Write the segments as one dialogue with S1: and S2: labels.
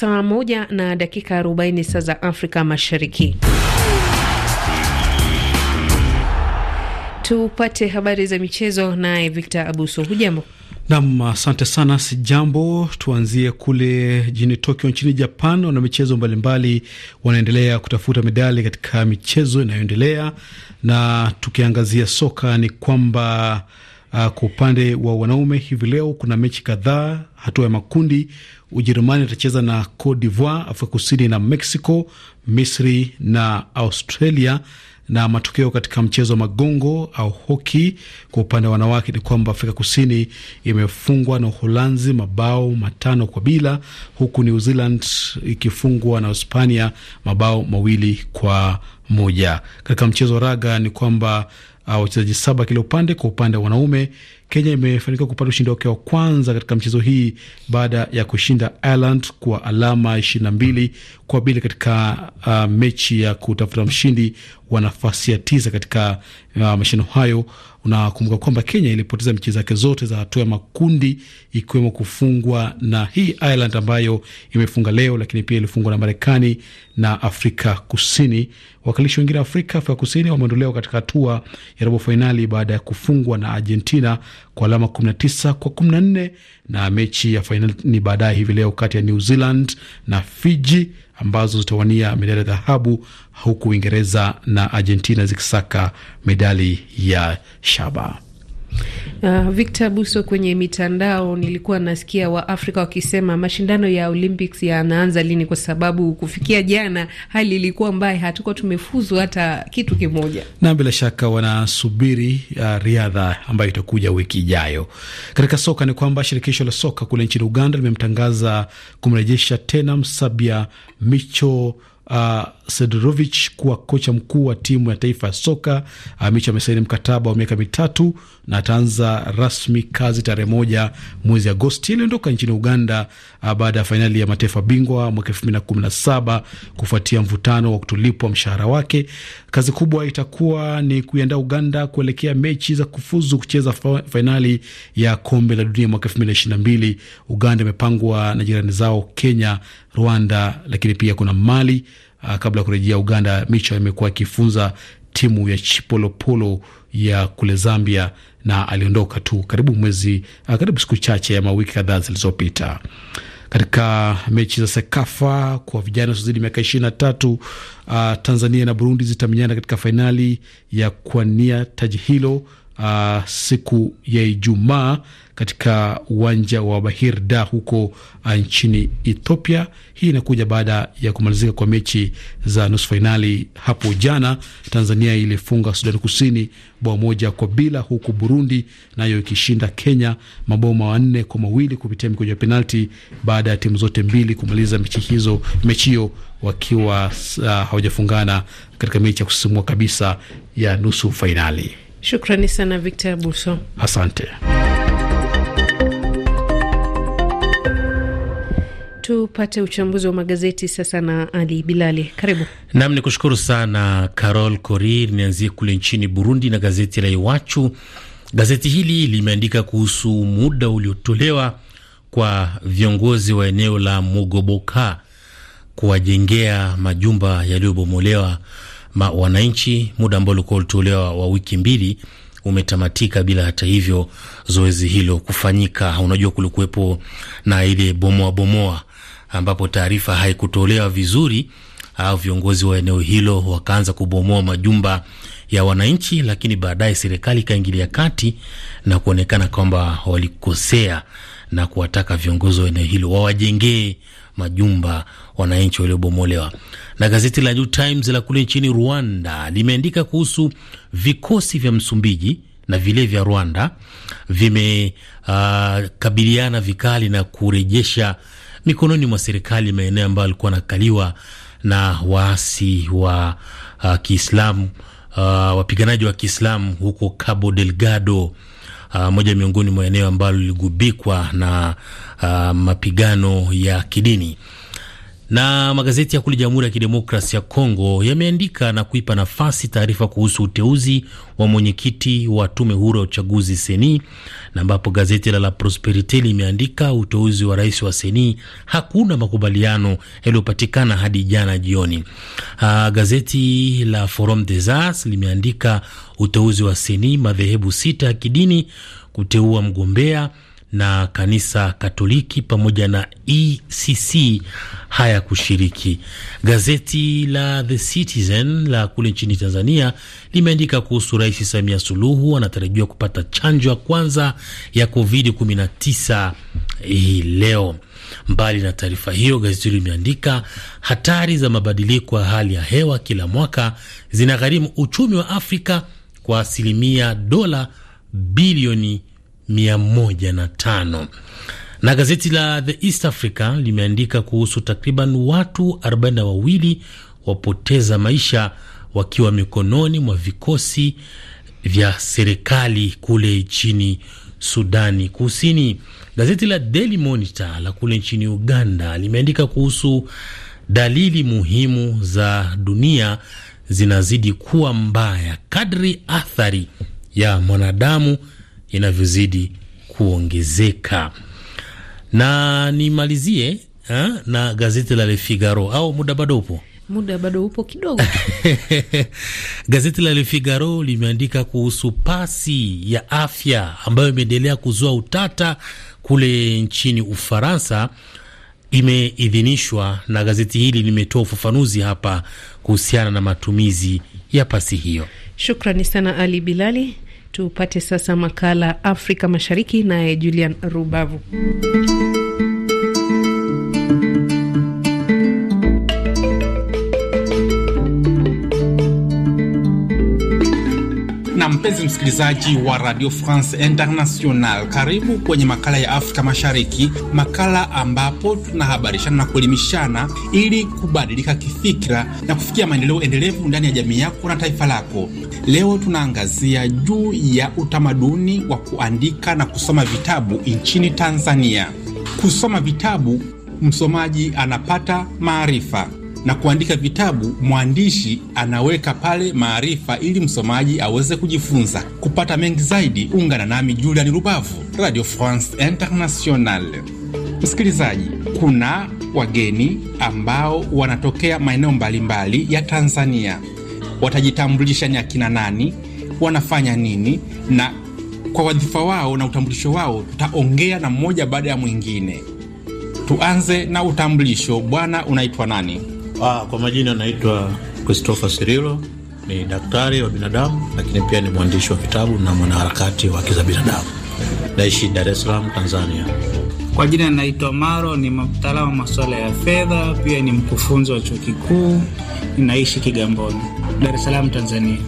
S1: saa moja na dakika 40 saa za Afrika Mashariki. Tupate habari za michezo naye Victor Abuso. Hujambo?
S2: Nam, asante sana. si jambo Tuanzie kule jijini Tokyo nchini Japan. Wana michezo mbalimbali wanaendelea kutafuta medali katika michezo inayoendelea, na tukiangazia soka ni kwamba uh, kwa upande wa wanaume hivi leo kuna mechi kadhaa hatua ya makundi Ujerumani itacheza na Cote d'Ivoire, Afrika Kusini na Mexico, Misri na Australia. Na matokeo katika mchezo wa magongo au hoki kwa upande wa wanawake ni kwamba Afrika Kusini imefungwa na Uholanzi mabao matano kwa bila, huku New Zealand ikifungwa na Hispania mabao mawili kwa moja. Katika mchezo wa raga ni kwamba wachezaji saba kila upande. Kwa upande wa wanaume, Kenya imefanikiwa kupata ushindi wake wa kwanza katika mchezo hii baada ya kushinda Ireland kwa alama 22 kwa bili katika uh, mechi ya kutafuta mshindi wa nafasi ya tisa katika uh, mashindano hayo. Unakumbuka kwamba Kenya ilipoteza mechi zake zote za hatua ya makundi ikiwemo kufungwa na hii Ireland ambayo imefunga leo, lakini pia ilifungwa na Marekani na Afrika Kusini. Wakilishi wengine wa Afrika, Afrika Kusini wameondolewa katika hatua ya robo fainali baada ya kufungwa na Argentina kwa alama 19 kwa 14, na mechi ya fainali ni baadaye hivi leo kati ya New Zealand na Fiji ambazo zitawania medali ya dhahabu huku Uingereza na Argentina zikisaka medali ya shaba.
S1: Uh, Victor Buso, kwenye mitandao nilikuwa nasikia Waafrika wakisema mashindano ya Olympics yanaanza lini, kwa sababu kufikia jana hali ilikuwa mbaya, hatuko tumefuzu hata kitu kimoja,
S2: na bila shaka wanasubiri uh, riadha ambayo itakuja wiki ijayo. Katika soka ni kwamba shirikisho la soka kule nchini Uganda limemtangaza kumrejesha tena Msabia Micho uh, Sedrovich kuwa kocha mkuu wa timu ya taifa ya soka. Uh, Mich amesaini mkataba wa miaka mitatu na ataanza rasmi kazi tarehe moja mwezi Agosti. Aliondoka nchini Uganda uh, baada ya fainali ya mataifa bingwa mwaka elfu mbili na kumi na saba kufuatia mvutano wa kutolipwa mshahara wake. Kazi kubwa itakuwa ni kuiandaa Uganda kuelekea mechi za kufuzu kucheza fainali ya kombe la dunia mwaka elfu mbili na ishirini na mbili. Uganda imepangwa na jirani zao Kenya, Rwanda, lakini pia kuna Mali uh, kabla ya kurejea Uganda, Micho amekuwa akifunza timu ya Chipolopolo ya kule Zambia na aliondoka tu karibu mwezi uh, karibu siku chache ama wiki kadhaa zilizopita. Katika mechi za Sekafa kwa vijana wasiozidi miaka ishirini na tatu uh, Tanzania na Burundi zitamenyana katika fainali ya kuania taji hilo uh, siku ya Ijumaa katika uwanja wa Bahir Dar huko uh, nchini Ethiopia. Hii inakuja baada ya kumalizika kwa mechi za nusu fainali hapo jana. Tanzania ilifunga sudan Kusini bao moja kwa bila, huku Burundi nayo na ikishinda Kenya mabao manne kwa mawili kupitia mikwaju ya penalti, baada ya timu zote mbili kumaliza mechi hizo mechi hiyo wakiwa uh, hawajafungana katika mechi ya kusisimua kabisa ya nusu fainali.
S1: Shukrani sana Victor Abuso, asante. Tupate uchambuzi wa magazeti sasa na Ali Bilali, karibu
S3: nam. Ni kushukuru sana Carol Cori. nianzie kule nchini Burundi na gazeti la Iwachu. Gazeti hili limeandika kuhusu muda uliotolewa kwa viongozi wa eneo la Mogoboka kuwajengea majumba yaliyobomolewa wananchi, muda ambao ulikuwa ulitolewa wa wiki mbili umetamatika bila hata hivyo zoezi hilo kufanyika. Unajua, kulikuwepo na ile bomoa bomoa, ambapo taarifa haikutolewa vizuri, au viongozi wa eneo hilo wakaanza kubomoa majumba ya wananchi, lakini baadaye serikali ikaingilia kati na kuonekana kwamba walikosea na kuwataka viongozi wa eneo hilo wawajengee majumba wananchi waliobomolewa. Na gazeti la New Times la kule nchini Rwanda limeandika kuhusu vikosi vya Msumbiji na vile vya Rwanda vimekabiliana uh, vikali na kurejesha mikononi mwa serikali maeneo ambayo alikuwa anakaliwa na waasi wa uh, Kiislamu uh, wapiganaji wa Kiislamu huko Cabo Delgado uh, moja miongoni mwa eneo ambalo liligubikwa na uh, mapigano ya kidini. Na magazeti ya kule Jamhuri ya Kidemokrasi ya Kongo yameandika na kuipa nafasi taarifa kuhusu uteuzi wa mwenyekiti wa tume huru ya uchaguzi Seni, na ambapo gazeti la La Prosperite limeandika uteuzi wa rais wa Seni, hakuna makubaliano yaliyopatikana hadi jana jioni. Aa, ah, gazeti la Forum des As limeandika uteuzi wa Seni, madhehebu sita ya kidini kuteua mgombea na kanisa Katoliki pamoja na ECC haya kushiriki. Gazeti la The Citizen la kule nchini Tanzania limeandika kuhusu Rais Samia Suluhu anatarajiwa kupata chanjo ya kwanza ya COVID-19 hii leo. Mbali na taarifa hiyo, gazeti hilo limeandika hatari za mabadiliko ya hali ya hewa kila mwaka zinagharimu uchumi wa Afrika kwa asilimia dola bilioni 105. Na gazeti la The East Africa limeandika kuhusu takriban watu 42 wapoteza maisha wakiwa mikononi mwa vikosi vya serikali kule nchini Sudani Kusini. Gazeti la Daily Monitor la kule nchini Uganda limeandika kuhusu dalili muhimu za dunia zinazidi kuwa mbaya kadri athari ya mwanadamu inavyozidi kuongezeka. Na nimalizie ha, na gazeti la Le Figaro au muda bado upo?
S1: Muda bado upo kidogo.
S3: Gazeti la Le Figaro limeandika kuhusu pasi ya afya ambayo imeendelea kuzua utata kule nchini Ufaransa imeidhinishwa na gazeti hili limetoa ufafanuzi hapa kuhusiana na matumizi ya pasi hiyo.
S1: Shukrani sana Ali Bilali. Tupate sasa makala Afrika Mashariki naye Julian Rubavu.
S4: Mpenzi msikilizaji wa Radio France International, karibu kwenye makala ya Afrika Mashariki, makala ambapo tunahabarishana na kuelimishana ili kubadilika kifikira na kufikia maendeleo endelevu ndani ya jamii yako na taifa lako. Leo tunaangazia juu ya utamaduni wa kuandika na kusoma vitabu nchini Tanzania. Kusoma vitabu, msomaji anapata maarifa na kuandika vitabu, mwandishi anaweka pale maarifa ili msomaji aweze kujifunza. Kupata mengi zaidi, ungana nami Julian Rubavu, Radio France Internationale. Msikilizaji, kuna wageni ambao wanatokea maeneo mbalimbali ya Tanzania. Watajitambulisha ni akina nani, wanafanya nini na kwa wadhifa wao na utambulisho wao. Tutaongea na mmoja baada ya mwingine. Tuanze na utambulisho. Bwana, unaitwa nani? Ah, kwa majina naitwa Christopher Sirilo, ni daktari
S5: wa binadamu, lakini pia ni mwandishi wa vitabu na mwanaharakati wa haki za binadamu. Naishi
S6: Dar es Salaam, Tanzania. Kwa jina naitwa Maro, ni mtaalamu wa masuala ya fedha, pia ni mkufunzi wa chuo kikuu, ninaishi Kigamboni, Dar es Salaam, Tanzania.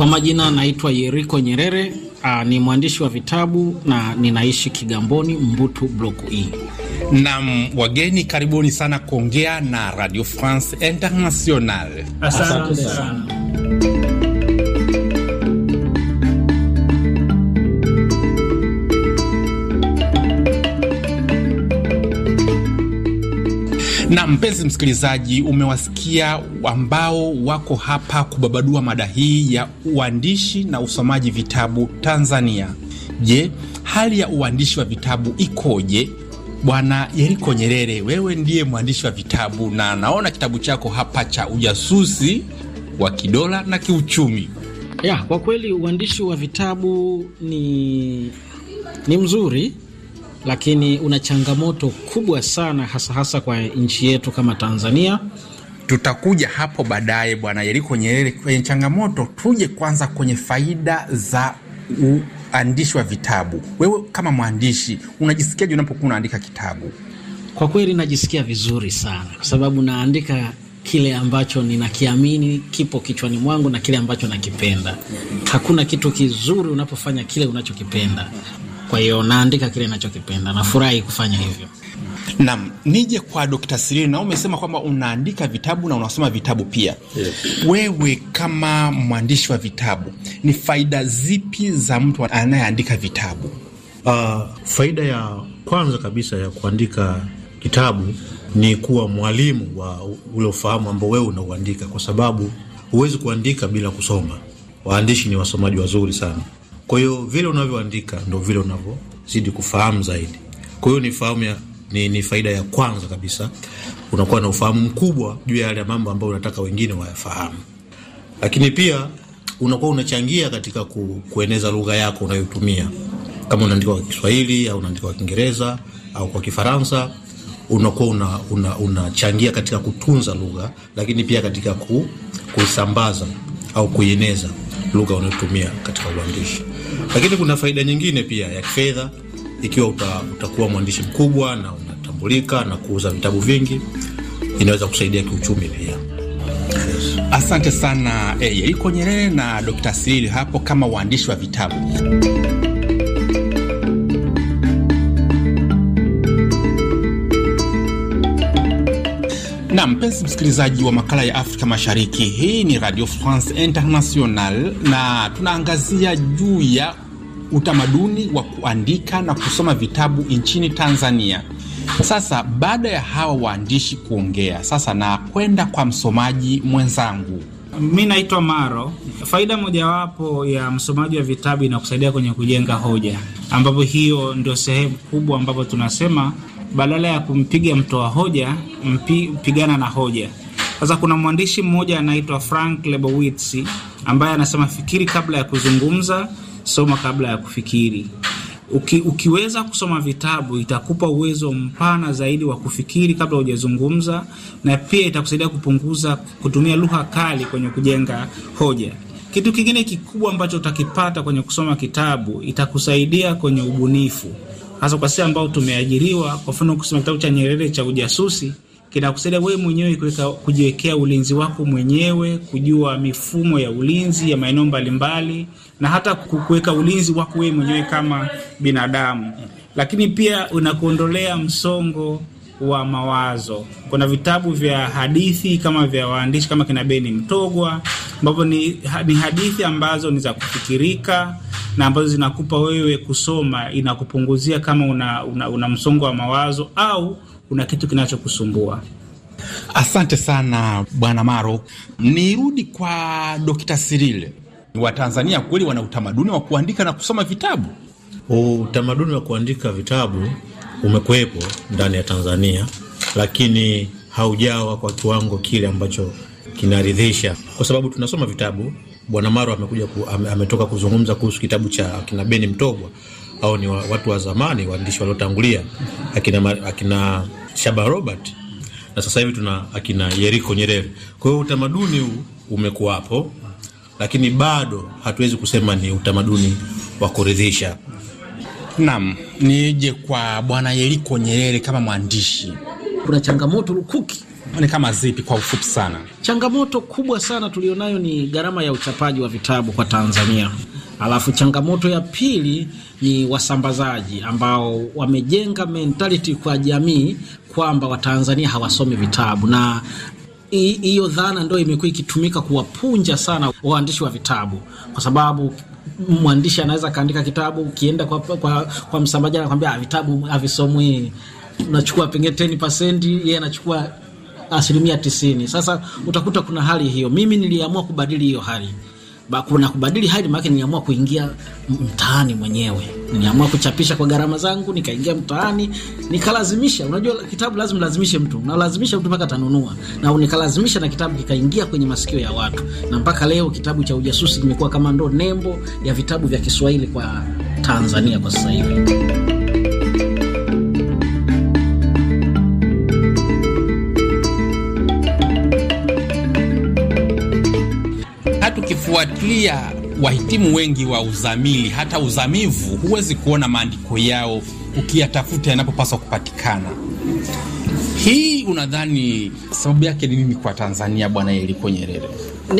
S7: Kwa majina naitwa Yeriko Nyerere. Aa, ah, ni mwandishi wa vitabu na ninaishi Kigamboni, Mbutu Block E. Nam, wageni karibuni sana kuongea
S4: na Radio France International. Asante sana. Na mpenzi msikilizaji, umewasikia ambao wako hapa kubabadua mada hii ya uandishi na usomaji vitabu Tanzania. Je, hali ya uandishi wa vitabu ikoje? Bwana Yeriko Nyerere, wewe ndiye mwandishi wa vitabu na naona kitabu chako hapa cha ujasusi wa kidola na kiuchumi.
S7: Ya, kwa kweli uandishi wa vitabu ni, ni mzuri lakini una changamoto kubwa sana hasa hasa kwa nchi yetu kama Tanzania. Tutakuja hapo baadaye, Bwana Yeriko Nyerere, kwenye changamoto.
S4: Tuje kwanza kwenye faida za uandishi wa vitabu. Wewe kama
S7: mwandishi unajisikiaje unapokuwa unaandika kitabu? Kwa kweli najisikia vizuri sana, kwa sababu naandika kile ambacho ninakiamini kipo kichwani mwangu na kile ambacho nakipenda. Hakuna kitu kizuri unapofanya kile unachokipenda. Kwa hiyo naandika kile nachokipenda, nafurahi kufanya hivyo. Naam, nije kwa Dr. Sirili, na
S4: umesema kwamba unaandika vitabu na unasoma vitabu pia. yes. Wewe kama mwandishi wa vitabu, ni faida zipi za mtu anayeandika vitabu? Uh, faida ya kwanza kabisa ya kuandika kitabu ni kuwa
S5: mwalimu wa ule ufahamu ambao wewe unauandika, kwa sababu huwezi kuandika bila kusoma. Waandishi ni wasomaji wazuri sana. Kwa hiyo vile unavyoandika ndo vile unavyozidi kufahamu zaidi. Kwa hiyo ni fahamu ya, ni, ni faida ya kwanza kabisa, unakuwa na ufahamu mkubwa juu ya yale mambo ambayo unataka wengine wayafahamu, lakini pia unakuwa unachangia katika ku, kueneza lugha yako unayotumia. Kama unaandika kwa Kiswahili au unaandika kwa Kiingereza au kwa Kifaransa, unakuwa una, unachangia una katika kutunza lugha, lakini pia katika ku, kuisambaza au kuieneza lugha unayotumia katika uandishi. Lakini kuna faida nyingine pia ya kifedha, ikiwa uta, utakuwa mwandishi mkubwa na unatambulika na kuuza vitabu vingi,
S4: inaweza kusaidia kiuchumi pia. Asante sana eh, Yeriko Nyerere na Dr. Silili hapo kama waandishi wa vitabu. Na mpenzi msikilizaji wa makala ya Afrika Mashariki, hii ni Radio France International na tunaangazia juu ya utamaduni wa kuandika na kusoma vitabu nchini Tanzania. Sasa baada ya hawa waandishi kuongea, sasa na kwenda kwa msomaji mwenzangu.
S6: Mi naitwa Maro. Faida mojawapo ya msomaji wa vitabu inakusaidia kwenye kujenga hoja, ambapo hiyo ndio sehemu kubwa ambapo tunasema badala ya kumpiga mtoa hoja mpigana pigana na hoja. Sasa kuna mwandishi mmoja anaitwa Frank Lebowitz ambaye anasema fikiri kabla ya kuzungumza, soma kabla ya kufikiri. Uki, ukiweza kusoma vitabu itakupa uwezo mpana zaidi wa kufikiri kabla hujazungumza, na pia itakusaidia kupunguza kutumia lugha kali kwenye kujenga hoja. Kitu kingine kikubwa ambacho utakipata kwenye kusoma kitabu, itakusaidia kwenye ubunifu hasa kwa sisi ambao tumeajiriwa. Kwa mfano kusema kitabu cha Nyerere cha ujasusi kinakusaidia wewe mwenyewe kujiwekea ulinzi wako mwenyewe, kujua mifumo ya ulinzi ya maeneo mbalimbali, na hata kuweka ulinzi wako wewe mwenyewe kama binadamu, lakini pia unakuondolea msongo wa mawazo. Kuna vitabu vya hadithi kama vya waandishi kama kina Beni Mtogwa ambavyo ni, ni hadithi ambazo ni za kufikirika na ambazo zinakupa wewe kusoma, inakupunguzia kama una, una, una msongo wa mawazo au una kitu kinachokusumbua. Asante sana Bwana Maro. Nirudi kwa Dokta Sirile.
S4: Watanzania kweli wana utamaduni wa kuandika na kusoma vitabu? Oh, utamaduni wa
S5: kuandika vitabu umekuwepo ndani ya Tanzania, lakini haujawa kwa kiwango kile ambacho kinaridhisha, kwa sababu tunasoma vitabu. Bwana Maro amekuja ku, ametoka kuzungumza kuhusu kitabu cha akina Beni Mtogwa au ni watu wa zamani waandishi waliotangulia akina, akina Shaba Robert na sasa hivi tuna akina Yeriko Nyerere. Kwa hiyo utamaduni huu umekuwapo, lakini
S4: bado hatuwezi kusema ni utamaduni wa kuridhisha. Naam, nije kwa Bwana Yeriko Nyerere kama mwandishi, kuna changamoto lukuki
S7: ni kama zipi? Kwa ufupi sana, changamoto kubwa sana tulionayo ni gharama ya uchapaji wa vitabu kwa Tanzania. Alafu changamoto ya pili ni wasambazaji ambao wamejenga mentality kwa jamii kwamba Watanzania hawasomi vitabu, na hiyo dhana ndio imekuwa ikitumika kuwapunja sana waandishi wa vitabu, kwa sababu mwandishi anaweza kaandika kitabu, ukienda kwa, kwa, kwa msambaji anakwambia ah, vitabu havisomwi, unachukua pengine 10% yeye anachukua asilimia tisini. Sasa utakuta kuna hali hiyo. Mimi niliamua kubadili hiyo hali kuna kubadili hali, maana niliamua kuingia mtaani mwenyewe. Niliamua kuchapisha kwa gharama zangu, nikaingia mtaani, nikalazimisha. Unajua kitabu lazima lazimishe mtu, nalazimisha mtu mpaka atanunua, na nikalazimisha, na kitabu kikaingia kwenye masikio ya watu, na mpaka leo kitabu cha ujasusi kimekuwa kama ndo nembo ya vitabu vya Kiswahili kwa Tanzania kwa sasa hivi.
S4: ukifuatilia wahitimu wengi wa uzamili hata uzamivu, huwezi kuona maandiko yao ukiyatafuta yanapopaswa kupatikana. Hii unadhani sababu yake ni nini kwa Tanzania, Bwana Yeriko Nyerere?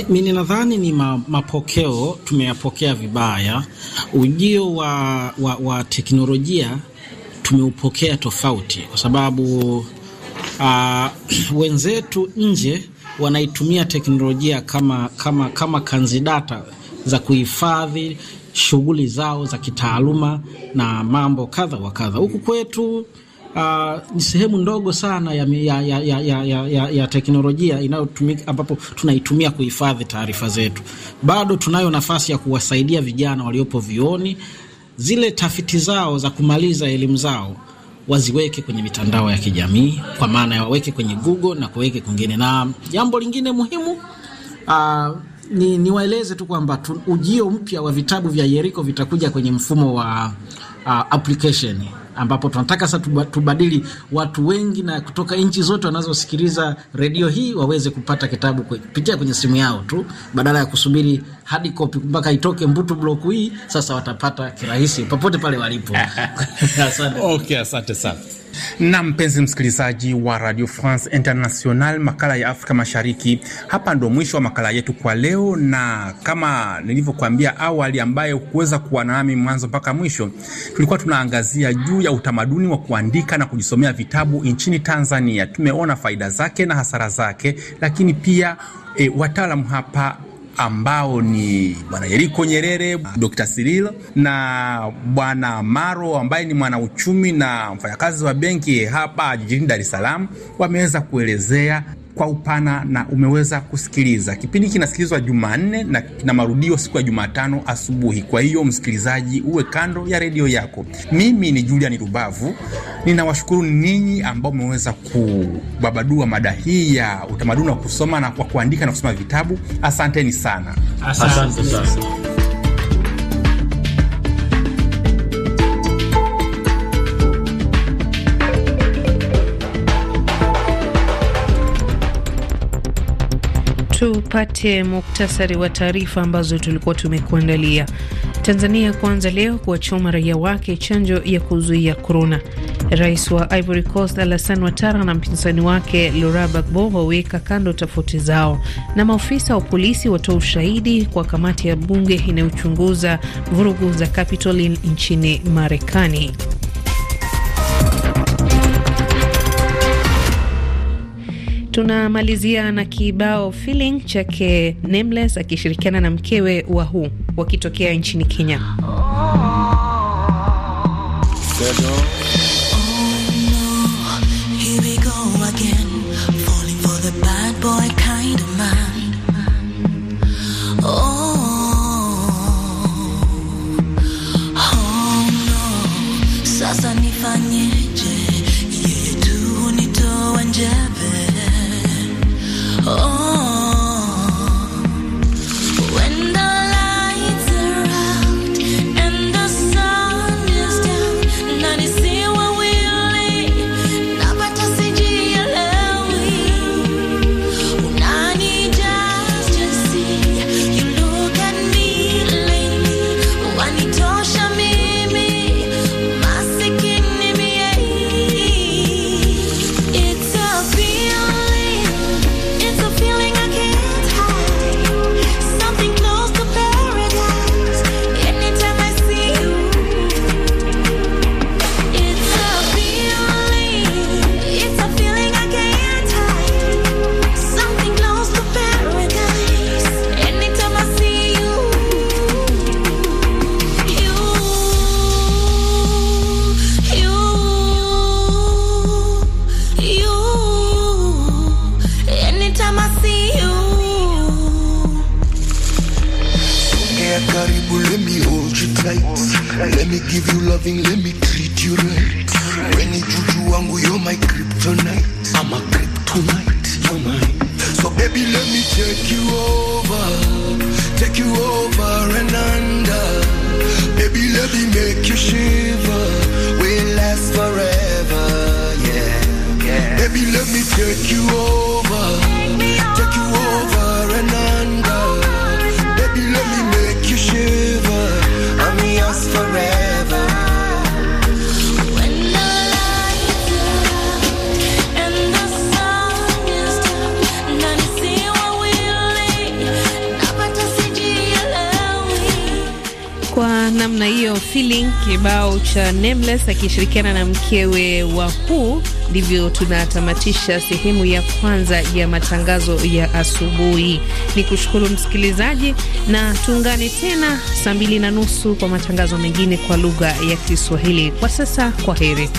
S7: Mi ninadhani ni ma, mapokeo tumeyapokea vibaya. Ujio wa, wa, wa teknolojia tumeupokea tofauti, kwa sababu uh, wenzetu nje wanaitumia teknolojia kama, kama, kama kanzidata za kuhifadhi shughuli zao za kitaaluma na mambo kadha wa kadha. Huku kwetu Uh, ni sehemu ndogo sana ya, ya, ya, ya, ya, ya, ya teknolojia inayotumika ambapo tunaitumia kuhifadhi taarifa zetu. Bado tunayo nafasi ya kuwasaidia vijana waliopo vioni, zile tafiti zao za kumaliza elimu zao waziweke kwenye mitandao ya kijamii, kwa maana ya waweke kwenye Google na kuweke kwingine. Na jambo lingine muhimu uh, ni niwaeleze tu kwamba ujio mpya wa vitabu vya Yeriko vitakuja kwenye mfumo wa uh, application ambapo tunataka sasa tubadili watu wengi na kutoka nchi zote wanazosikiliza redio hii waweze kupata kitabu kupitia kwenye simu yao tu, badala ya kusubiri hadi kopi mpaka itoke mbutu bloku hii. Sasa watapata kirahisi popote pale walipo. Asante. Okay, asante sana.
S4: Na mpenzi msikilizaji wa Radio France International, makala ya Afrika Mashariki, hapa ndo mwisho wa makala yetu kwa leo, na kama nilivyokuambia awali, ambaye kuweza kuwa nami mwanzo mpaka mwisho, tulikuwa tunaangazia juu ya utamaduni wa kuandika na kujisomea vitabu nchini Tanzania. Tumeona faida zake na hasara zake, lakini pia e, wataalamu hapa ambao ni Bwana Yeriko Nyerere, Dr. Cyril na Bwana Maro ambaye ni mwanauchumi na mfanyakazi wa benki hapa jijini Dar es Salaam, wameweza kuelezea kwa upana na umeweza kusikiliza kipindi. Kinasikilizwa Jumanne na kina marudio siku ya Jumatano asubuhi. Kwa hiyo, msikilizaji, uwe kando ya redio yako. Mimi ni Julian Rubavu, ninawashukuru ninyi ambao mmeweza kubabadua mada hii ya utamaduni wa kusoma na kwa kuandika na kusoma vitabu. Asanteni sana, asante sana.
S1: tupate muktasari wa taarifa ambazo tulikuwa tumekuandalia. Tanzania kuanza leo kuwachoma raia wake chanjo ya kuzuia korona. Rais wa Ivory Coast Alassane Ouattara na mpinzani wake Laurent Gbagbo waweka kando tofauti zao, na maofisa wa polisi watoa ushahidi kwa kamati ya bunge inayochunguza vurugu za Capitol nchini Marekani. Tunamalizia na kibao feeling chake Nameless akishirikiana na mkewe Wahu wakitokea nchini Kenya. oh, oh, oh, oh.
S2: Baby, let me take you over, take you over and under. Baby, let me make you shiver. We'll last forever, yeah. yeah. Baby, let me take you over, take, take you over and under.
S1: namna hiyo feeling kibao cha Nameless akishirikiana na mkewe wa wakuu. Ndivyo tunatamatisha sehemu ya kwanza ya matangazo ya asubuhi. Ni kushukuru msikilizaji, na tuungane tena saa mbili na nusu kwa matangazo mengine kwa lugha ya Kiswahili. Kwa sasa, kwa heri.